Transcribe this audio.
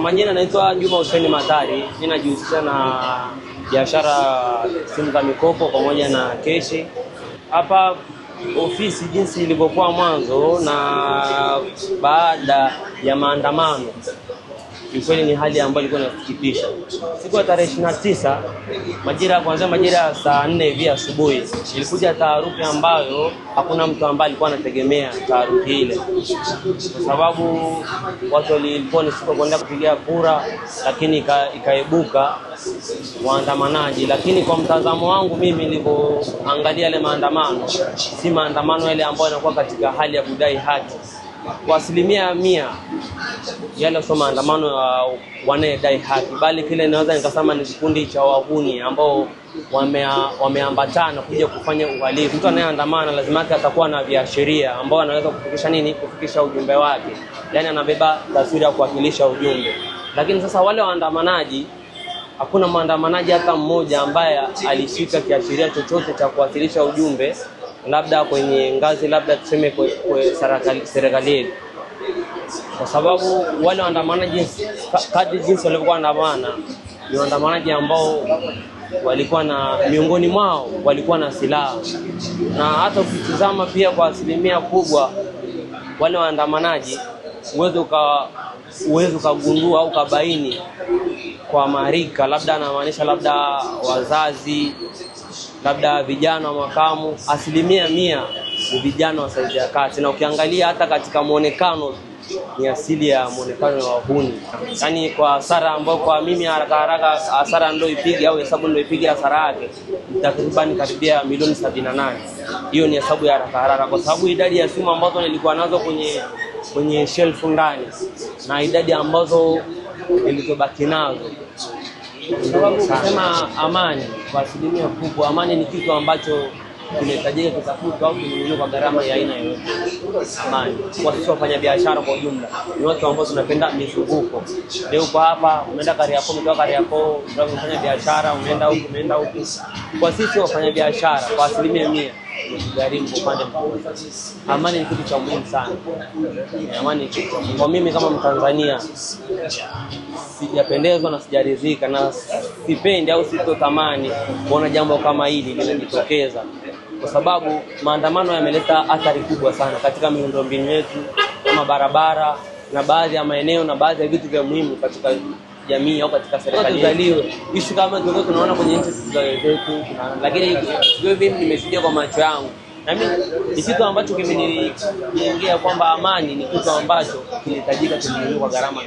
Kwa majina naitwa Juma Hussein Matari, mimi najihusisha na biashara simu za mikopo pamoja na keshi. Hapa ofisi jinsi ilivyokuwa mwanzo na baada ya maandamano Kiukweli ni hali ambayo ilikuwa inasikitisha. Siku ya tarehe ishirini na tisa majira kuanzia majira ya saa nne hivi asubuhi ilikuja taharuki ambayo hakuna mtu ambaye alikuwa anategemea taharuki ile, kwa sababu watu walikuwa ni siku kuenda kupigia kura, lakini ikaibuka waandamanaji. Lakini kwa mtazamo wangu mimi nilivyoangalia yale maandamano, si maandamano yale ambayo yanakuwa katika hali ya kudai haki kwa asilimia mia yale sio maandamano ya wanayedai haki, bali kile inaweza nikasema ni kikundi cha wahuni ambao wameambatana wame kuja kufanya uhalifu. Mtu anayeandamana lazima yake atakuwa na viashiria ambao anaweza kufikisha nini, kufikisha ujumbe wake, yani anabeba taswira ya kuwakilisha ujumbe. Lakini sasa wale waandamanaji, hakuna mwandamanaji hata mmoja ambaye alishika kiashiria chochote cha kuwasilisha ujumbe labda kwenye ngazi labda tuseme serikali yetu, kwa sababu wale waandamanaji kadri jinsi walivyokuwa waandamana ni waandamanaji ambao walikuwa na miongoni mwao walikuwa na silaha, na hata ukitizama pia kwa asilimia kubwa wale waandamanaji uwezi ukagundua au ukabaini kwa marika, labda anamaanisha labda wazazi labda vijana wa makamu, asilimia mia ni vijana wa saizi ya kati, na ukiangalia hata katika mwonekano ni asili ya mwonekano wa wahuni. Yaani kwa hasara ambayo kwa mimi haraka haraka hasara nilioipiga au hesabu nilioipiga hasara yake takriban karibia milioni sabini na nane. Hiyo ni hesabu ya haraka haraka, kwa sababu idadi ya simu ambazo nilikuwa nazo kwenye kwenye shelfu ndani na idadi ambazo nilizobaki nazo sababu kusema amani kwa asilimia kubwa, amani ni kitu ambacho kimetajika kitafutwa au kinunuliwa kwa gharama ya aina yoyote. Amani kwa sisi wafanyabiashara kwa ujumla ni watu ambao tunapenda mizunguko. Leo kwa hapa, unaenda Kariakoo, umetoka Kariakoo, unafanya biashara, unaenda huku, unaenda huku. Kwa sisi wafanyabiashara kwa asilimia mia kugharimu upande mmoja. Amani ni kitu cha muhimu sana. Amani ni kitu cha muhimu. Kwa mimi kama Mtanzania sijapendezwa na sijaridhika na sipendi au sitotamani kuona jambo kama hili linajitokeza, kwa sababu maandamano yameleta athari kubwa sana katika miundombinu yetu kama barabara na baadhi ya maeneo na baadhi ya vitu vya muhimu katika jamii au katika serikali ishu kama tulikuwa tunaona kwenye nchi za lakini sio mimi nimesikia kwa macho yangu na mimi ni kitu ambacho kimeniingia kwamba amani ni kitu ambacho kinahitajika kwa gharama